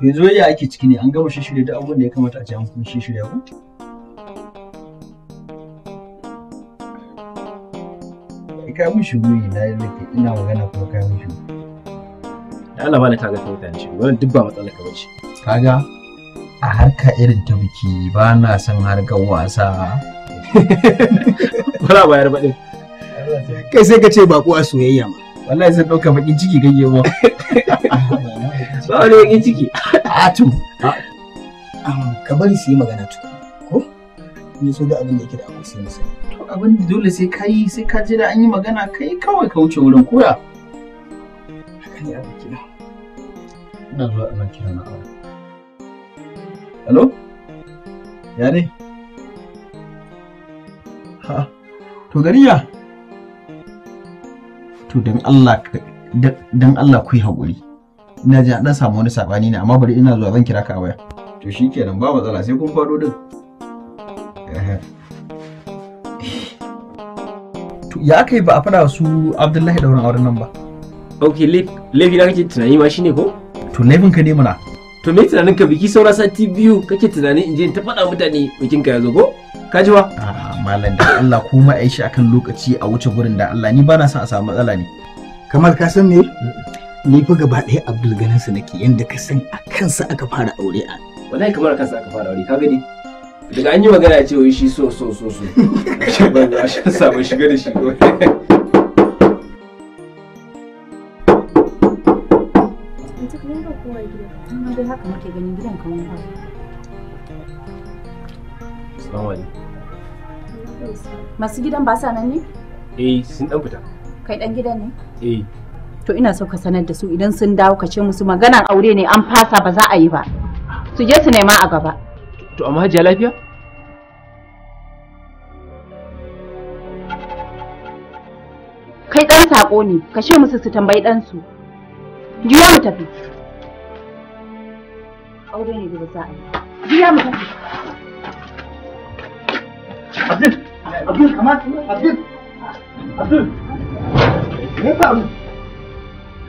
to yanzu ya ake ciki ne an gama shirya duk abin da ya kamata a ce an kuma shirya ku kai mun shigo ne na yi ina magana kuma kai mun shigo da Allah bani kaga ta mutane shi wannan duk ba matsala ka bace kaga a harka irin ta biki ba na son harkar wasa wala bayar ba din kai sai ka ce ba a soyayya ma wallahi sai dauka bakin ciki ganye mu ba ne yakin ciki a ah, to ah. Um, ka bari su yi magana tu ko ni so da abin da yake da akwai sai musu to abin da dole sai ka yi sai ka ji da an yi magana kai kawai ka wuce wurin koya haka ne abin kina ina zuwa ina kira na aure hello ya ne? ha to gariya to dan Allah Allah ku yi haƙuri ina ji an dan samu wani sabani ne amma bari ina zuwa zan kira ka a waya to shikenan ba matsala sai kun faɗo din ya aka yi ba a faɗa su abdullahi ɗaurin auren nan ba ok laifi na kake tunani ma shine ko to laifin ka ne mana to me tunanin ka biki saura sati biyu kake tunani in je ta faɗa mutane bikin ka yazo ko ka ji wa malam da Allah kuma Aisha shi akan lokaci a wuce gurin da Allah ni ba na son a samu matsala ne kamar ka san me ni fa gaba ɗaya abdul ganin sa nake yanda ka san a kansa aka fara aure a wallahi kamar kansa aka fara aure ka gani daga an yi magana ce wai shi so so so so shi ban za shi samu shiga da shi Masu gidan ba sa nan ne? Eh, sun dan fita. Kai dan gidan ne? Eh. to ina so ka sanar da su idan sun dawo ka ce musu maganar aure ne an fasa ba za a yi ba su je su nema a gaba to amma hajiya lafiya kai ɗan saƙo ne ka ce musu su tambayi ɗansu juya mu tafi aure ne da za a yi juya mu tafi Abdul, Abdul, Abdul, Abdul, Abdul, Abdul,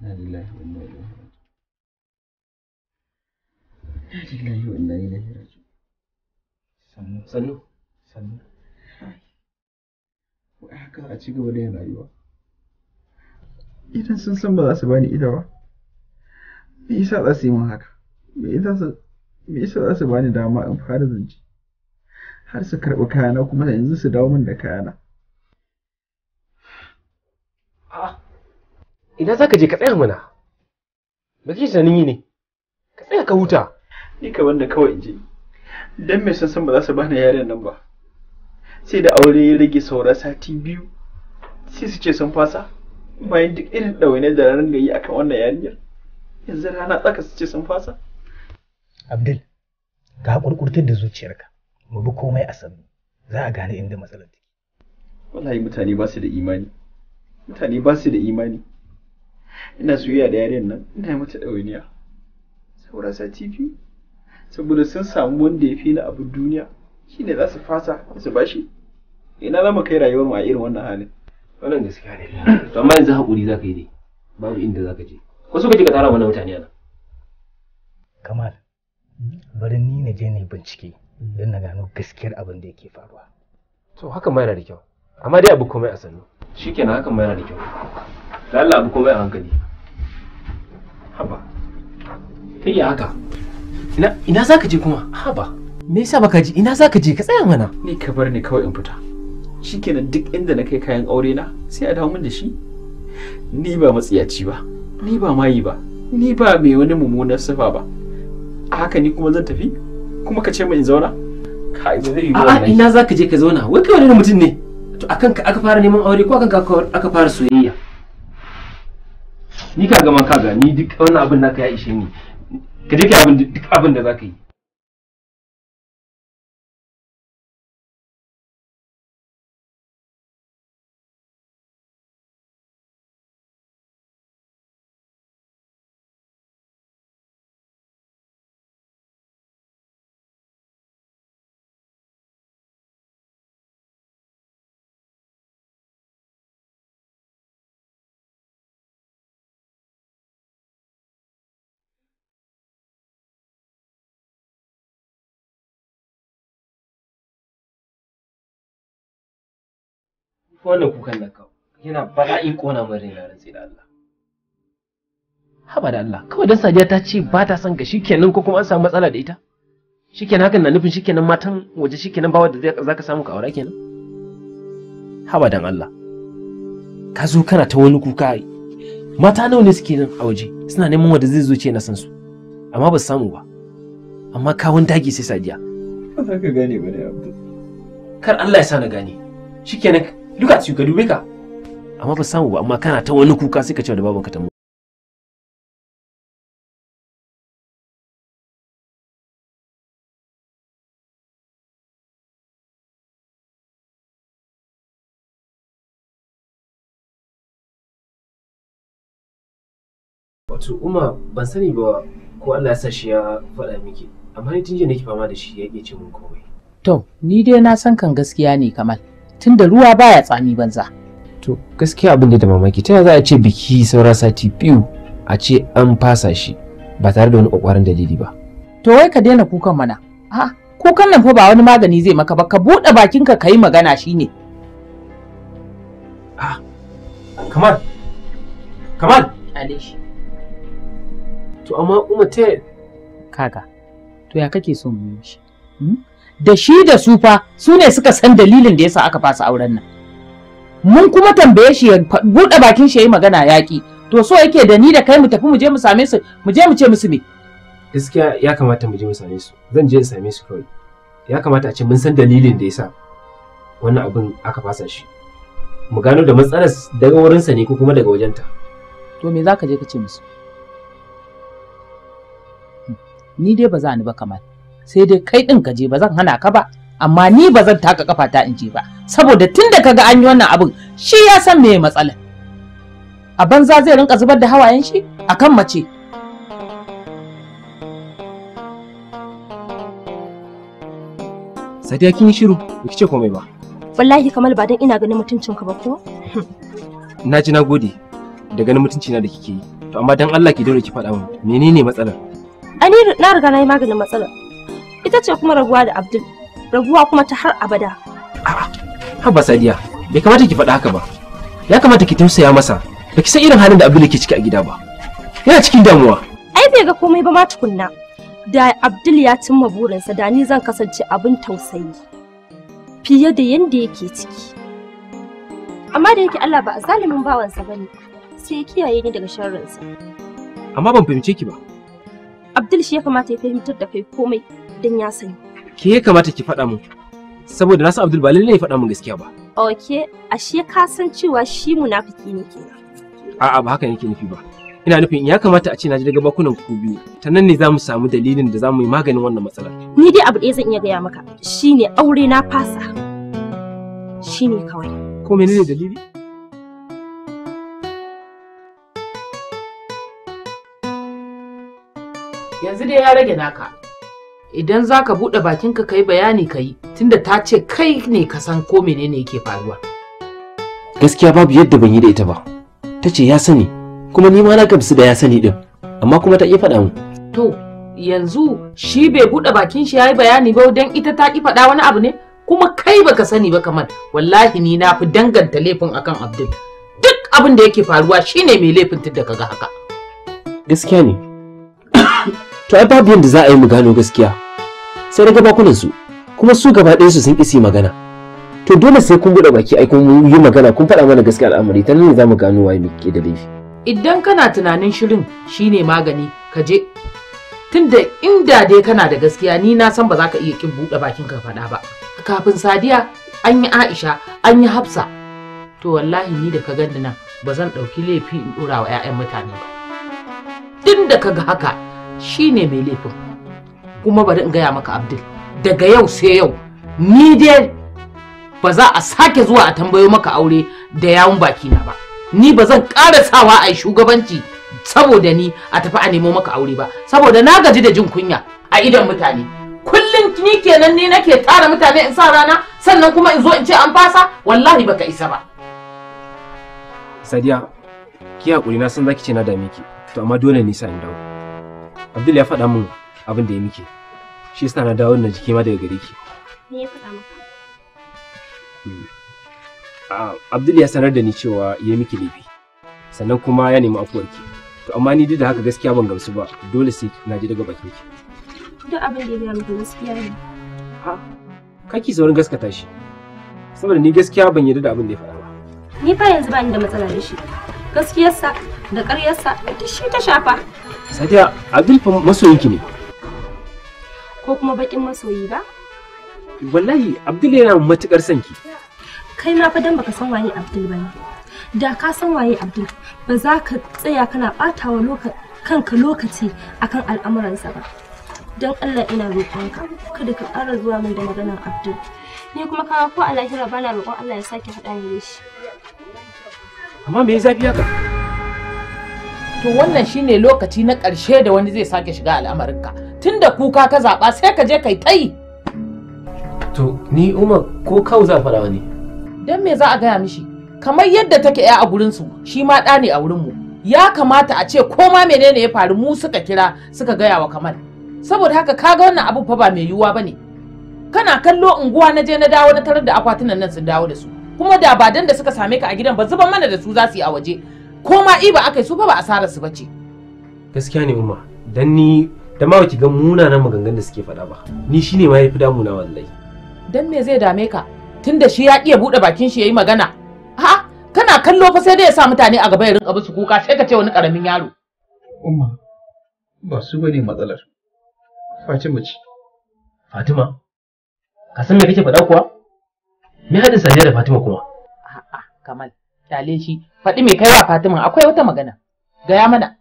Inna lillahi wa inna ilaihi raji'un. Inna lillahi wa inna ilaihi raji'un. Sannu. Sannu. Sannu. Wai haka a ci gaba da Idan sun san ba za su bani ita ba. Me yasa za su yi min haka? Me za su bani dama in fara zance? Har su karɓi kayana kuma yanzu su dawo min da kayana. Ina za ka je ka tsaya mana? ba kake tunanin yi ne? Ka tsaya ka huta. Ni ka wanda kawai in je. Dan mai san ba za su bani yaren nan ba. Sai da aure ya rage saura sati biyu. Sai su ce sun fasa. Bayan duk irin ɗawainai da ranar gayi akan wannan yarinyar. Yanzu rana tsaka su ce sun fasa. Abdul, ka haƙurƙurtar da zuciyarka. Mu bi komai a sannu. Za a gane inda matsalar take. Wallahi mutane ba su da imani. Mutane ba su da imani. ina soyayya da yaren nan ina yi mata ɗawainiya saboda sati biyu saboda sun samu wanda ya fi na abin duniya shi ne za su fasa su bashi ina za mu kai rayuwar mu a irin wannan halin wannan gaskiya ne to amma yanzu haƙuri za ka yi ne babu inda za ka je ko suka je ka tara wannan mutane nan kamal bari ni na je na bincike don na gano gaskiyar abin da yake faruwa to hakan ma yana da kyau amma dai abu komai a sannu shikenan hakan ma yana da kyau da Allah abu komai a hankali haba ta yi haka ina ina zaka je kuma haba me yasa baka ji ina zaka je ka tsaya mana ni ka bar ni kawai in fita shikenan duk inda na kai kayan aure na sai a dawo min da shi ni ba matsiyaci ba ni ba mayi ba ni ba mai wani mummunar sifa ba a haka ni kuma zan tafi kuma ka ce min in zauna ka zai yi ina zaka je ka zauna wai kai wani mutum ne to akan ka aka fara neman aure ko akan ka aka fara soyayya ni ka ma kaga ni duk wannan abin naka ya ishe ni ka je ka abin duk abin da zaka yi wannan kukan na kawo yana bala'in ƙona min raina rantsi da Allah haba da Allah kawai dan Sadiya ta ce ba ta son ka shikenan ko kuma an samu matsala da ita shikenan hakan na nufin shikenan matan waje shikenan bawa da zaka samu ka aura kenan haba dan Allah ka zo kana ta wani kuka mata nawa ne suke nan a waje suna neman wanda zai zo ce na san su amma ba su samu ba amma kawun taki sai Sadiya ba za ka gane ba ne Abdul kar Allah ya sa na gane shikenan Duka at you, ka Amma ba samu ba, amma kana ta wani kuka sai ka ce da babanka ta wato Umar? ban sani ba ko Allah ya sa shi ya faɗa miki amma ni tun jiya nake fama da shi ya ce mun komai to ni dai na san kan gaskiya ne kamal tunda ruwa baya tsami banza to gaskiya abin da mamaki ta za a ce biki saura sati biyu a ce an fasa shi ba tare da wani kokarin dalili ba to wai ka daina kukan mana a kukan nan fa ba wani magani zai maka ba ka buɗe bakinka ka yi magana shine A ah, kamar kamar! alishi to amma kuma ta kaga to ya kake son mu shi hmm? da shi da su fa su ne suka san dalilin da yasa aka fasa auren nan mun kuma tambaye shi ya buɗe bakin shi ya yi magana yaƙi to so yake da ni da kai mu tafi mu je mu same su mu je mu ce musu me gaskiya ya kamata mu je mu same su zan je in same su kawai ya kamata a ce mun san dalilin da yasa wannan abin aka fasa shi mu gano da matsalar daga wurin sa ne ko kuma daga wajenta to me zaka je ka ce musu hmm. ni dai ba za ni ba kamar sai dai kai ɗin ka je ba zan hana ka ba amma ni ba zan taka ta in je ba saboda tun da kaga an yi wannan abin shi ya san me matsala a banza zai rinka zubar da hawayen shi akan mace Sadiya kin yi shiru ba ki ce komai ba wallahi kamal ba dan ina ganin mutuncin ka ba ko na ji na gode da ganin mutunci na da kike yi to amma dan Allah ki daure ki faɗa min menene matsalar ani na riga na yi maganin matsalar ita ce kuma rabuwa da abdul rabuwa kuma ta har abada a'a haba sadiya bai kamata ki faɗa haka ba ya kamata ki tausaya masa ba ki san irin halin da abdul yake ciki a gida ba yana cikin damuwa ai bai ga komai ba ma tukunna da abdul ya cimma burinsa da ni zan kasance abin tausayi fiye da yanda yake ciki amma da yake Allah ba a zalimin bawansa ba ne sai ya kiyaye ni daga sharrinsa amma ban fahimce ki ba abdul shi ya kamata ya fahimtar da kai komai din ya sani. Ke ya kamata ki faɗa mun saboda na san Abdul ba ne ya faɗa mun gaskiya ba. Ok, ashe ka san cewa shi munafiki ne kenan. A'a ba haka yake nufi ba. Ina nufin ya kamata a ce na ji daga bakunan ku biyu. Ta nan ne za mu samu dalilin da za mu yi maganin wannan matsalar. Ni dai abu ɗaya zan iya gaya maka shine aure na fasa. Shine kawai. Ko menene dalili? yanzu dai ya rage naka idan za ka buɗe bakinka ka yi bayani ka yi tunda ta ce kai ne ka san ko menene yake faruwa. Gaskiya babu yadda ban yi da ita ba. Ta ce ya sani kuma ni ma na gamsu da ya sani din amma kuma ta ƙi faɗa mu. To yanzu shi bai buɗe bakin shi ya yi bayani ba dan ita ta ƙi faɗa wani abu ne kuma kai baka sani ba kamar wallahi ni na fi danganta laifin akan Abdul. Duk abin da yake faruwa shine mai laifin tunda kaga haka. Gaskiya ne. to ai babu yadda za a yi mu gano gaskiya sai na bakunan su kuma su gaba ɗayan su sun isi magana to dole sai kun buɗe baki ai kun yi magana kun faɗa mana gaskiya al'amari ta nan ne zamu gano waye me ke da laifi idan kana tunanin shirin shine magani ka je tunda inda dai kana da gaskiya ni na san ba za ka iya kin buɗe bakin ka faɗa ba kafin sadiya an yi aisha an yi hafsa to wallahi ni da ka gani nan ba zan ɗauki laifi in ɗora wa 'ya'yan mutane ba Tunda ka ga haka shine mai laifin kuma bari in gaya maka abdul daga yau sai yau ni dai ba za a sake zuwa a tambayo maka aure da yawun baki na ba ni ba zan ƙara sawa a shugabanci saboda ni a tafi a nemo maka aure ba saboda na gaji da jin kunya a idon mutane kullum ni kenan ni nake tara mutane in sa rana sannan kuma in zo in ce an fasa wallahi baka isa ba sadiya ki hakuri na san zaki ce na dame ki to amma dole ni sa in dawo abdul ya faɗa min abin da ya miki shi yasa na dawo na jiki ma daga gare ki me ya faɗa maka hmm. Abdul ya sanar da ni cewa ya miki laifi sannan kuma ya nemi afuwarki to amma ni duk da haka gaskiya ban gamsu ba dole sai na ji daga bakin ki duk abin da ya gaya maka gaskiya ne ha kaki saurin gaskata shi saboda ni gaskiya ban yarda da abin da ya faɗa ba ni fa yanzu ba ni da matsala da shi gaskiyarsa da ƙaryarsa duk shi ta shafa sadiya abdul fa masoyinki ne ko kuma bakin masoyi ba? Wallahi Abdul yana matukar son ki. Kai ma fa dan baka san waye Abdul bane. Da ka san waye Abdul ba za ka tsaya kana batawa loka kanka lokaci akan al'amuransa ba. Don Allah ina roƙonka kada ka ƙara zuwa min da maganar Abdul. Ni kuma ka ko a lahira bana roƙon Allah ya sake haɗa ni da shi. Amma me zafi haka? to wannan shine lokaci na ƙarshe da wani zai sake shiga al'amarinka tunda kuka ka zaɓa sai ka je kai ta yi. To ni Umar ko kawo za ne. Don me za a gaya mishi? Kamar yadda take ya a gurinsu shi ma ɗa ne a wurinmu. Ya kamata a ce ko ma menene ya faru mu suka kira suka gaya wa kamar? Saboda haka ka ga wannan abu fa ba mai yiwuwa ba Kana kallo unguwa na je na dawo na tarar da akwatunan nan sun dawo da su. Kuma da ba da suka same ka a gidan ba zuban mana da su za su yi a waje. Ko ma iba aka su fa ba asarar su bace. Gaskiya ne Umma, dan ni da ma ki ga munanan maganganun da suke faɗa ba ni shine ma yafi damuna wallahi dan me zai dame ka tunda shi ya iya bude bakin shi yayi magana ha kana kallo fa sai dai ya sa mutane a gaba ya rinka musu kuka sai ka ce wani karamin yaro umma ba su bane matsalar Fatima ce Fatima ka san me kake faɗa kuwa me hadin Sadiya da Fatima kuma a'a Kamal dale shi faɗi me kai wa Fatima akwai wata magana gaya mana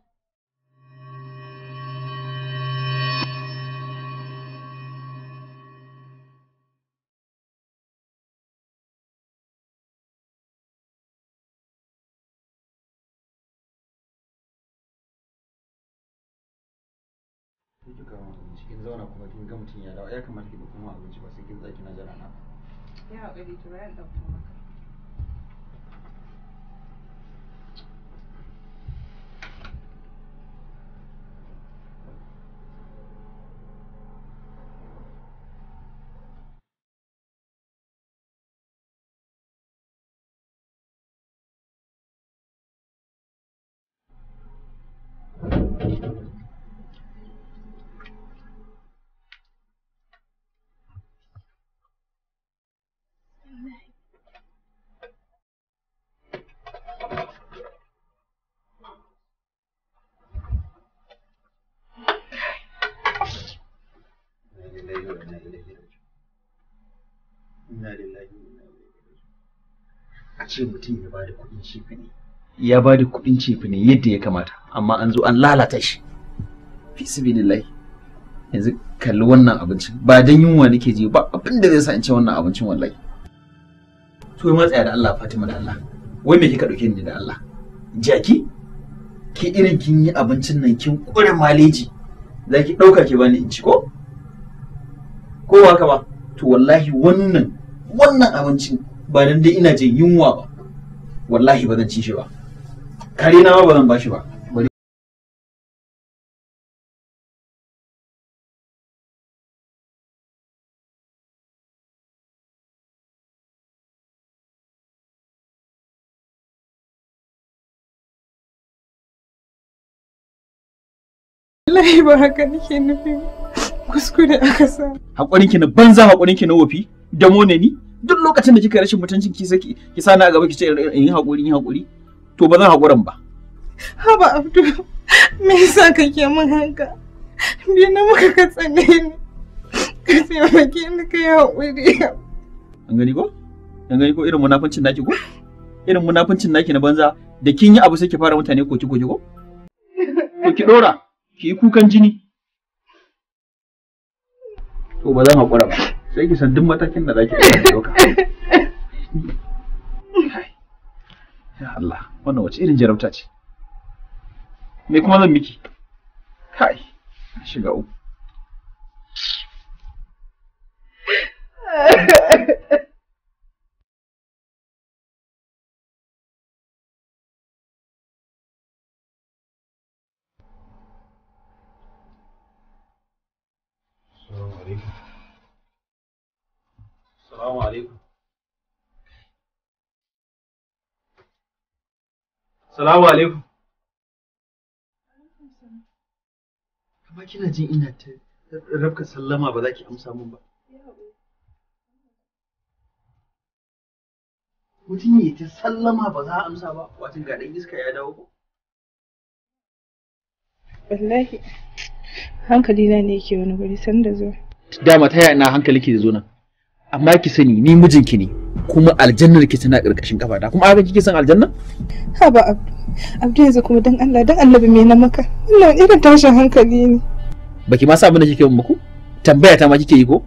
zauna kuma kin ga mutum ya dawo ya kamata ki ba kuma abinci ba sai kin tsaki na jira na ba ya haƙuri to ran ɗauko maka ce mutum ya bada kuɗin cefi ne ya bada kuɗin cefi ne yadda ya kamata amma an zo an lalata shi fi sabilillahi yanzu kalli wannan abincin ba dan yunwa nake ji ba abin da zai sa in ce wannan abincin wallahi to ma tsaya da Allah Fatima da Allah wai me kika dauke ni da Allah jaki ki irin kin yi abincin nan kin kure maleji zaki dauka ki bani in ci ko ko haka ba to wallahi wannan wannan abincin ba dan dai ina jin yunwa ba wallahi ba zan ci shi ba kare na ba zan bashi ba wallahi ba haka nake nufi kuskure aka sa hakurin ki na banza hakurin ki na wofi da mone ni duk lokacin da kika rashin mutuncin ki saki ki sa gaba ki ce in yi hakuri in yi hakuri to ba zan hakuran ba haba abdu me yasa kake min haka me na muka ka tsane ni ka ke ni ka yi hakuri an gani ko an gani ko irin munafincin naki ko irin munafincin naki na banza da kin yi abu sai ki fara mutane koki koki ko to ki dora ki yi kukan jini to ba zan hakura ba sai ki san duk matakin da zaki ɗauka ya Allah wannan wace irin jarabta ce me kuma zan miki kai shiga uku Salamu alaikum. Amma kina jin ina ta rabka sallama ba za ki amsa mun ba. Mutum ya ta sallama ba za a amsa ba, watan ga ɗan iska ya dawo Wallahi, hankali na ne yake wani guri sanda zuwa. Dama ta yaya na hankali ke zo nan. Amma ki sani ni mijinki ne. kuma aljannar ke tana ƙarƙashin kafa ta kuma abin kike san aljanna haba abdu abdu yanzu kuma dan Allah dan Allah me na maka Allah irin tashin hankali ne baki ma sa abin da kike muku tambaya ta ma kike yi ko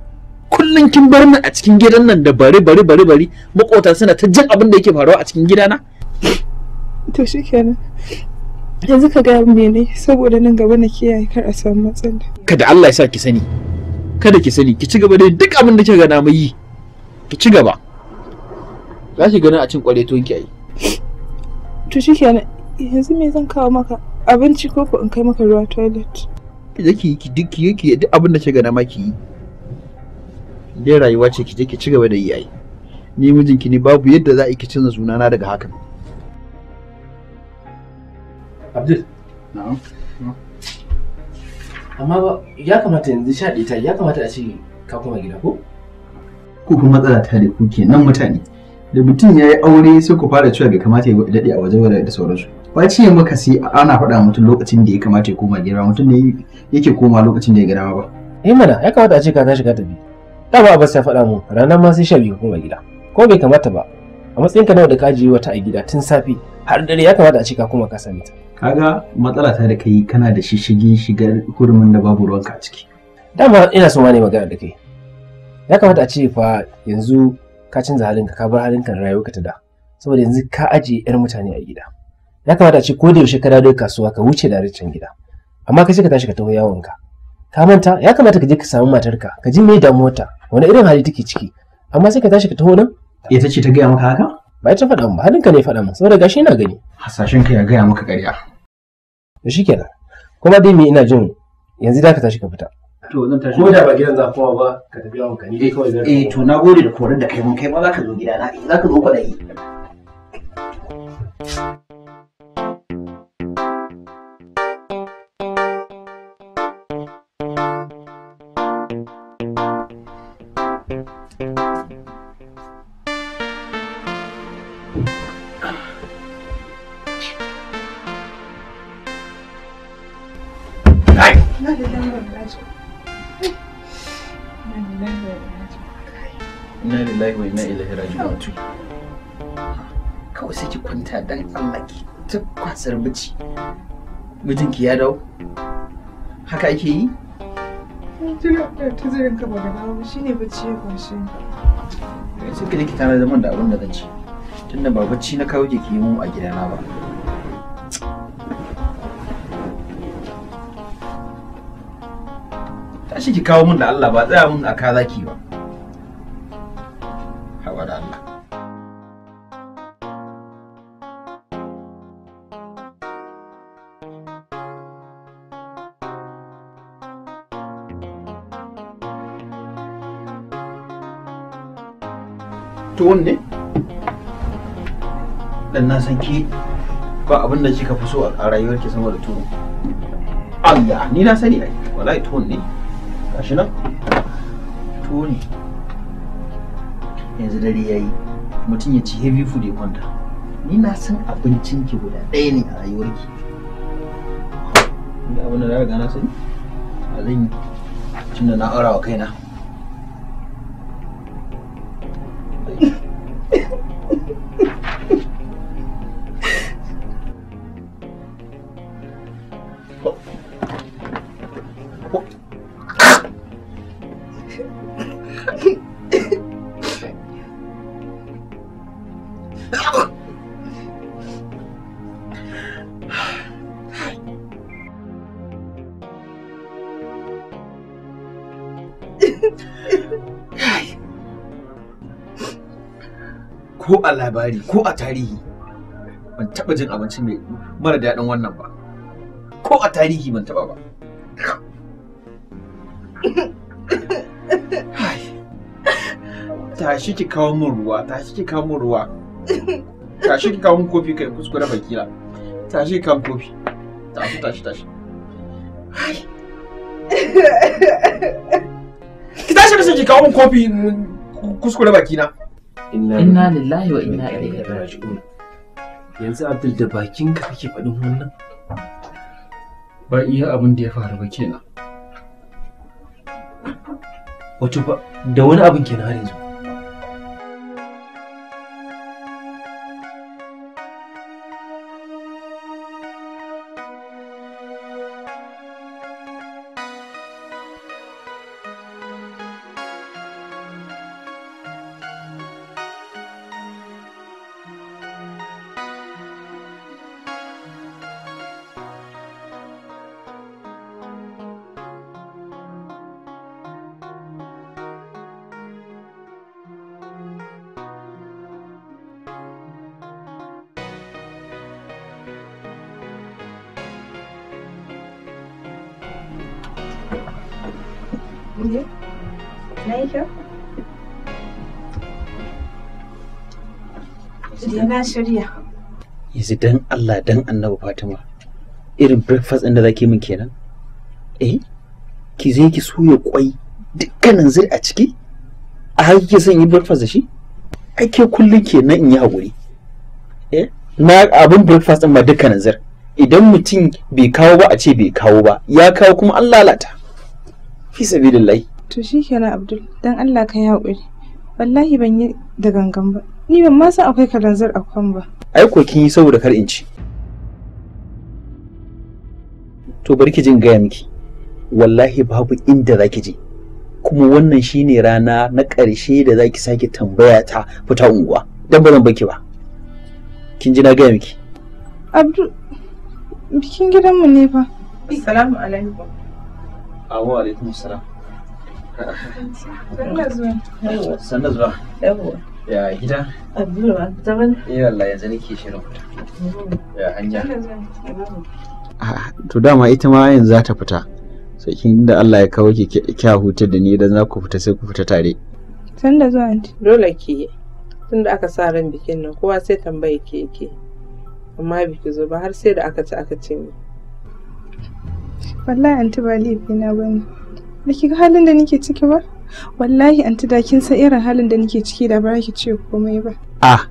kullum kin bar ni a cikin gidan nan da bari bari bari bari makota suna ta jin abin da yake faruwa a cikin gidana to shikenan yanzu ka gaya me ne saboda nan gaba na kiyaye kar a samu matsala kada Allah ya sa ki sani kada ki sani ki ci gaba da duk abin da kika ga na yi ki ci gaba Ka shi ganin a cin kwale to ki yi to shi kenan yanzu me zan kawo maka abinci ko ko in kai maka ruwa toilet ki je ki ki duk ki ki duk abin da ki gana maki. ki yi dai rayuwa ce ki je ki ci gaba da yi ai ni mijinki ne babu yadda za a yi ki canza sunana daga hakan Abdul na'am amma ba ya kamata yanzu sha ta ya kamata a ce ka koma gida ko ku kuma matsala ta da ku nan mutane da mutum ya yi aure sai ku fara cewa bai kamata ya daɗe a wajen wadda da sauransu ba ce maka sai ana faɗa mutum lokacin da ya kamata ya koma gida mutum ne yake koma lokacin da ya gida ba eh mana ya kamata a ce ka tashi ka tafi da ba basu ya faɗa mu ranar masu sai sha biyu koma gida ko bai kamata ba a matsayin ka nawa da ka je wata a gida tun safi? har dare ya kamata a ce ka koma ka sami ta kaga matsala ta da kai kana da shishigi shigar kurumin da babu ruwanka a ciki dama ina so ma ne magana da kai ya kamata a ce fa yanzu ka canza halinka ka bar halinka da rayuwarka ta da saboda yanzu ka ajiye yar mutane a gida ya kamata a ce ko da yaushe ka dawo kasuwa ka wuce da can gida amma ka ce ka tashi ka taho yawonka ka manta ya kamata ka je ka samu matarka ka ji me damuwarta wani irin hali take ciki amma sai ka tashi ka taho nan ita ce ta gaya maka haka ba ita faɗa ba halinka ne faɗa min saboda gashi ina gani hasashen ka ya gaya maka ƙarya to shikenan kuma dai me ina jin yanzu da ka tashi ka fita to zan tashi ko da ba gidan za ba ka tafi yawon ka dai kawai zan eh to na gode da korar da kai mun kai ma za ka zo gidana eh, za ka zo kwaɗayi kawai sai ki kwanta dan Allah ki ta kwasar miji mijinki ya dawo haka ake yi tuna ta zirin ka ba dawo shine bacci ya kwashe kai eh, sai kike tana zaman da abin da zan ci tunda ba bacci na kawo ki yi mu a gidana ba tashi ki kawo mun da Allah ba tsaya mun a kaza ki ba tsohon ne dan na san ki ba abin da kika fi so a rayuwar ki sama da tuwo Allah ni na sani ai wallahi tuwo ne gashi nan tuwo ne yanzu dare yayi mutum ya ci heavy food ya kwanta ni na san abincin ki guda ɗaya ne a rayuwar ki ni abin da na riga na sani a zan yi tunda na aura wa kaina ko a labari ko a tarihi ban taba jin abinci mai mara daɗin wannan ba ko a tarihi ban taɓa ba tashi ki kawo min ruwa tashi ki kawo min ruwa tashi ki kawo min kofi kai kuskure bakila tashi ki kawo kofi tashi tashi tashi ki tashi ki kawo min kofi kuskure bakina inna lillahi wa inna ilaihi raji'un yanzu abdul da bakin ka kake faɗin wannan ba iya abin da ya faru ba kenan wato da wani abin kenan har yanzu na shirya. Yanzu dan Allah dan Annabi Fatima. Irin breakfast ɗin da zaki min kenan? Eh? Ki je ki soya kwai dukkanin zai a ciki? A haka kike son yi breakfast da shi? Ake kullum kenan in yi haƙuri. Eh? Na abin breakfast ɗin ma dukkanin zir. Idan mutum bai kawo ba a ce bai kawo ba, ya kawo kuma an lalata. Fi sabilillahi. To shi kenan Abdul, dan Allah ka yi haƙuri. Wallahi ban yi da gangan ba. Ni ban ma san akwai kalanzir a kwan ba. Ai ko kin yi saboda kar in ci. To bari ki jin gaya miki. Wallahi babu inda za ki je. Kuma wannan shine rana na ƙarshe da za ki sake tambaya ta fita unguwa. Dan ba zan baki ba. Kin ji na gaya miki. Abdu bikin gidanmu ne fa. Assalamu alaikum. Awo ah, alaikum assalam. Sanna zuwa. Sanna zuwa. Yawwa. Ya gida? Abdulwa, ah, zaman? Eh wallahi yanzu nake shirin fita. Ya hanya. Ah, to dama ita ma yanzu za ta fita. Sai kin da Allah ya kawo ki kya huta da ni idan za ku fita sai ku fita tare. Tun da zuwa anti. Dole ki tun da aka sa ran bikin nan kowa sai tambaye ki yake. Amma biki zo ba har sai da aka ci aka ce ni. Wallahi anti ba laifi na bane. Ba ki ga halin da nake ciki ba? wallahi anti da kin san irin halin da nake ciki da ba ki ce komai ba ah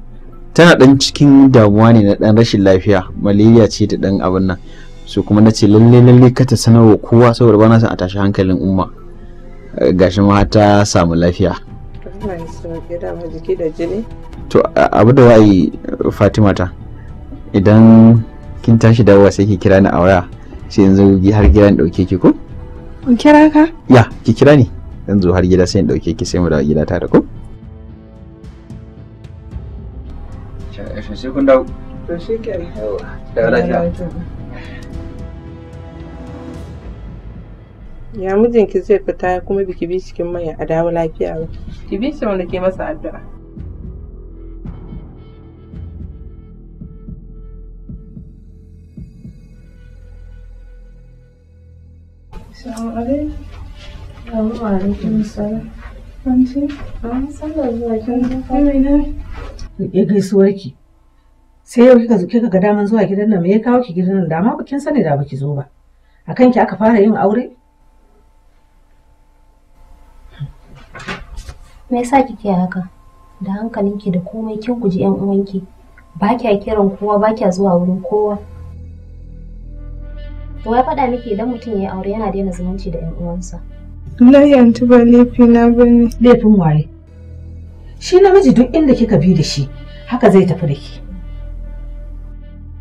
tana dan cikin damuwa ne na dan rashin lafiya malaria ce da dan abin nan so kuma nace lalle lalle ka ta sanarwa kowa saboda na san a tashi hankalin umma eh, gashi ma ta samu lafiya to abu da wa'ayi fatima ta idan kin tashi dawowa sai ki kira ni a waya sai yanzu har gidan dauke ki ko kun kira ka ya ki kira ni Yanzu zo har gida sai in dauke ki sai mu dawo gida tare ko da ya mijinki zai fita kuma biki bi cikin mai a dawo lafiya ba ki bi shi wanda ke masa addu'a Assalamu alaikum. Yawwa ah, Ya ki. Sai yau kika ga daman zuwa gidan nan me ya kawo ki gidan nan da ma kin sani da baki zo ba. A kanki aka fara yin aure? Me yasa kike haka? Da hankalinki da komai kin guji yan uwanki. Ba kya kiran kowa ba kya zuwa wurin kowa. To ya faɗa miki idan mutum ya aure yana daina zumunci da yan uwansa. Wallahi yanzu ba laifina ba ne. Laifin waye? Shi namiji duk inda kika bi da shi haka zai tafi da ki.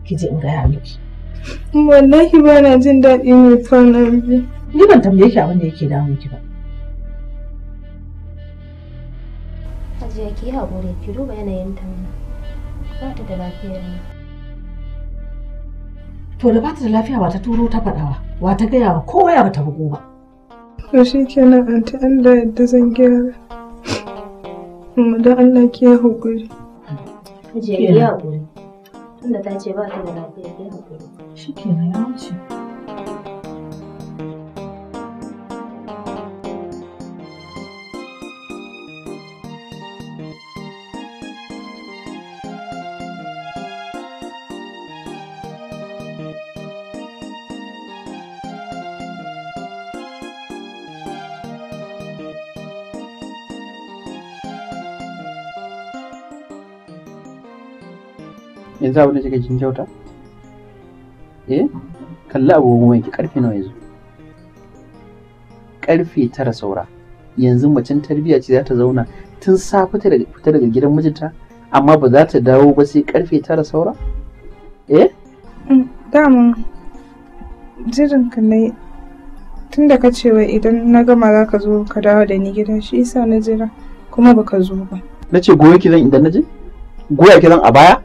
Ki je in gaya miki. Wallahi ba na jin daɗi mai kwana bi. Ni ban tambaye ki abin da yake damun ki ba. Hajiya ki haƙuri ki duba yanayin ta Ba ta da lafiyar ne. To da ba ta da lafiya ba ta turo ta faɗawa, wa ta gaya wa kowa ya ba ta bugu ba. to shi kenan anti da yadda zan gyara amma da Allah ki ya hukuri ke ki ya hakuri tunda ta ce ba ta da lafiya ki hukuri shi kenan ya wuce yanzu abin da kika cin kyauta eh kalli abu mai ki karfi nawa yanzu karfi tara saura yanzu macen tarbiyya ce za ta zauna tun safe ta fita daga gidan mijinta amma ba za ta dawo ba sai karfe tara saura eh mm, damun jirin ka ne tun da ka ce wai idan na gama za ka zo ka dawo da ni gida shi yasa na jira kuma baka zo ba na ce goyo ki zan idan na je goya ki zan a baya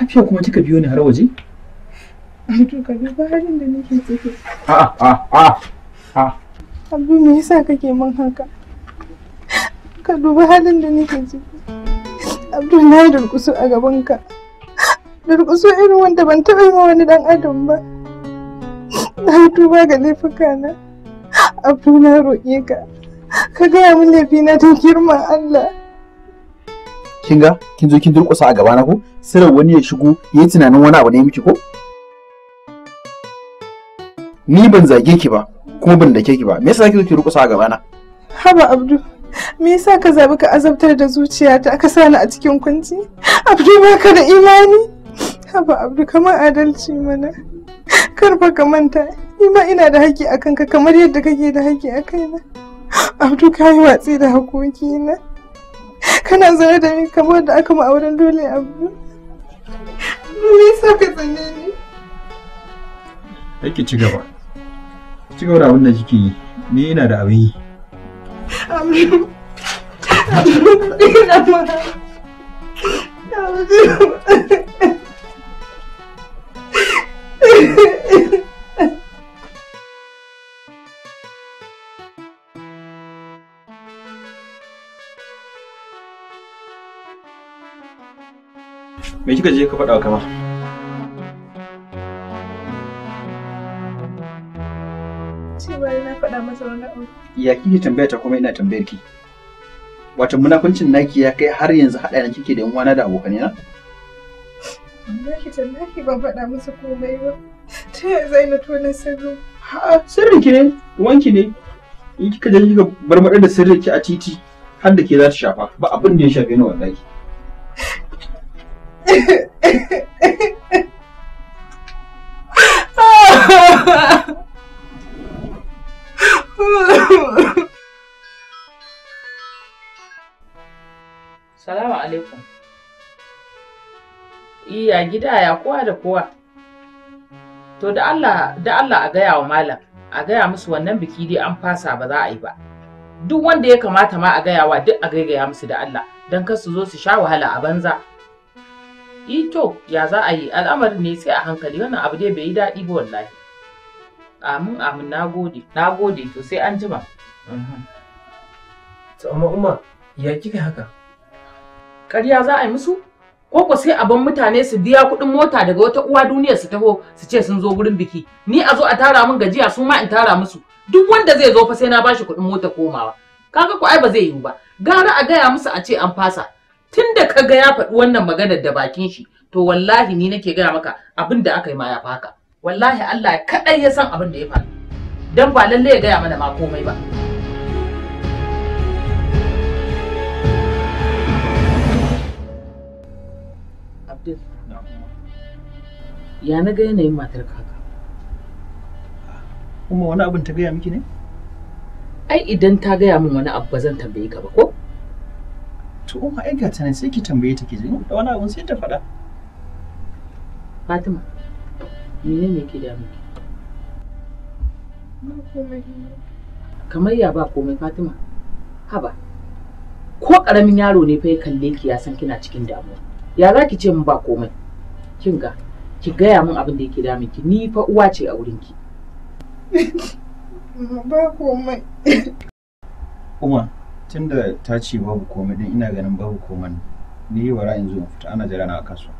Hafiya kuma kika biyo ni har waje? Ai to ka duba halin da nake ciki. Ah ah ah. Abu me yasa kake min haka? Ka duba halin da nake ciki. Abdul na durkusu a gabanka. Durkusu irin wanda ban taɓa yi wani dan adam ba. Na tuba ga laifuka na. Abdul na roƙe ka. Ka gaya min laifina ta girman Allah. kin ga kin zo kin durƙusa a gaba na ku. sirar wani ya shigo yayi tunanin wani abu ne miki ko ni ban zage ki ba kuma ban dake ki ba me yasa kike durƙusa a gaba na? haba abdu me yasa ka zabi ka azabtar da zuciyata ka sani a cikin kunci abdu baka da imani haba abdu kamar adalci mana fa ka manta ni ma ina da haƙƙi a kanka kamar yadda kake da haƙƙi a kaina abdu ka yi watsi da haƙoƙi na kana zaune da ni kamar da aka ma auren dole abu me yasa ka tsane ni yake ci gaba ci gaba da abin da kike yi ni ina da abin yi Thank you. me kika je ka faɗa kama ya kike tambaya ta kuma ina tambayar ki wato munafuncin naki ya kai har yanzu haɗa na kike da uwana da abokan yana Wallahi tallahi ban faɗa musu komai ba. Ta yaya zai na sirrin? A'a sirrin ki ne, wanki ne. In kika je kika barbaɗar da sirrin ki a titi har da ke za ta shafa ba abin da ya shafe ni wallahi. Salamu alaikum. Iya gida ya kowa da kowa. To da Allah da Allah a gaya wa malam, a gaya musu wannan biki dai an fasa ba za a yi ba. Duk wanda ya kamata ma a gayawa duk a gaigaya musu da Allah, don kar su zo su sha wahala a banza. ito e, ya za a yi al'amarin ne sai a hankali wannan abu dai bai yi daɗi ba wallahi amin amin na gode na gode to sai an jima to amma umma ya kika haka ƙarya za a yi musu ko ko sai abin mutane su biya kuɗin mota daga wata uwa duniyar su taho su ce sun zo gurin biki ni a zo a tara min gajiya su ma in tara musu duk wanda zai zo fa sai na bashi kuɗin mota komawa kaga ko ai ba zai yi ba gara a gaya musu a ce an fasa tun da ka ga ya faɗi wannan maganar da bakin shi to wallahi ni nake gaya maka abin da aka yi ma ya faka wallahi Allah kaɗai ya san abin da ya faru dan ba lallai ya gaya mana ma komai ba ya na ga yanayin matar kaka kuma wani abin ta gaya miki ne ai idan ta gaya min wani abu ba zan tambaye ka ba ko to ka oh, aika ta nan sai ki tambaye ta ki ji da wani abun sai ta faɗa Fatima mene ne ke da miki kamar ya ba komai Fatima haba ko karamin yaro ne fa ya kalle ki ya san kina cikin damuwa ya za ki ce min ba komai kin ga ki gaya min abin da yake damun ni fa uwa ce a wurin ki ba komai Uma, tunda ta ce babu komai din ina ganin babu komai ni yi wara yanzu in fita ana jira na a kasuwa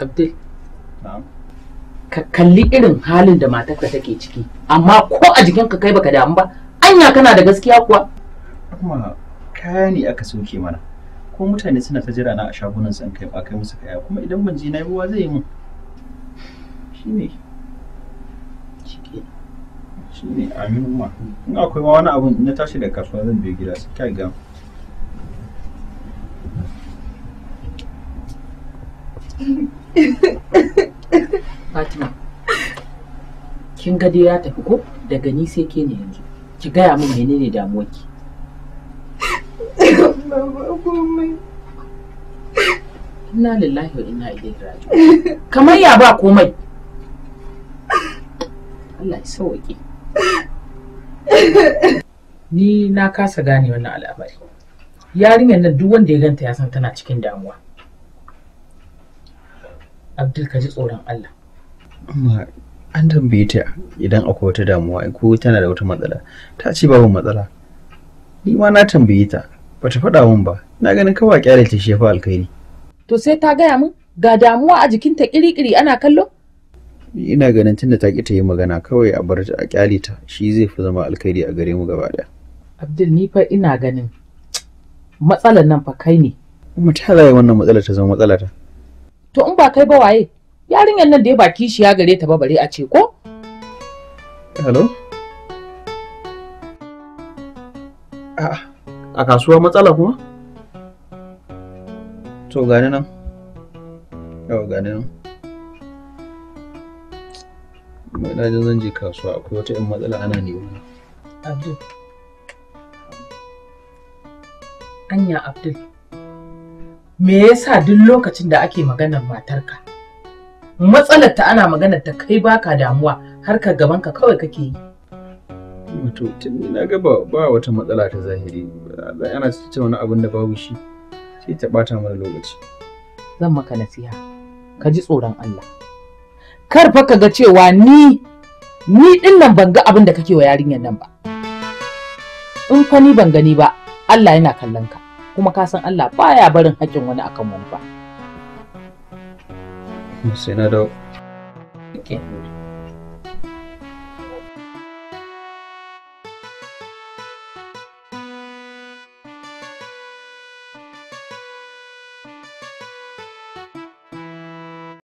abdul ka kalli irin halin da matarka take ciki amma ko a jikinka kai baka damu ba anya kana da gaskiya kuwa kuma kaya ne aka sauke mana ko mutane suna ta jira na a shagunan san kai ba kai musu kaya kuma idan ban je na yi zai yi min shine shi ne amin umma in akwai wani abun na tashi da kasuwa zan biyo gida su kyai ga Fatima kin ga ya tafi ko daga ni sai ke ne yanzu ki gaya min menene damuwarki Baba komai inna lillahi wa inna ilaihi raji'un kamar ya ba komai Allah ya sauke Ni na kasa gane wannan al'amari. Yarinyar nan duk wanda ya ganta ya san tana cikin damuwa. Abdul ka ji tsoron Allah. Amma an tambaye ta idan akwai wata damuwa ko tana da wata matsala. Ta ce babu matsala. Ni ma na tambaye ta bata faɗa min ba. Na ganin kawai kyale ta shefa alkhairi. To sai ta gaya mun, ga damuwa a jikinta kiri-kiri ana kallo? ina ganin tunda ta ki ta yi magana kawai a bar ta a kyale ta shi zai fi zama alkhairi a gare mu gaba daya abdul ni fa ina ganin matsalar nan fa kai ne kuma ta zai wannan matsalar ta zama matsala ta to in ba kai ba waye yarinyar nan da ya baki shi ya gare ta ba bare a ce ko hello a kasuwa matsala kuma to gani nan yau gani nan amma ina jin zan je kasuwa akwai wata 'yan matsala ana nema Abdul. Anya Abdul. Me yasa duk lokacin da ake maganar matarka? Matsalar ta ana maganar ta kai baka damuwa har ka gaban ka kawai kake yi. Wato tun na ga ba wata matsala ta zahiri ana cice wani abin da babu shi sai ta bata mana lokaci. Zan maka nasiha ka ji tsoron Allah. kar fa ka ga cewa ni ni din nan ban ga abin da kake wa yarinyar nan ba in fa ni ban gani ba Allah yana kallon ka kuma ka san Allah baya barin haƙƙin wani akan wani ba sai na da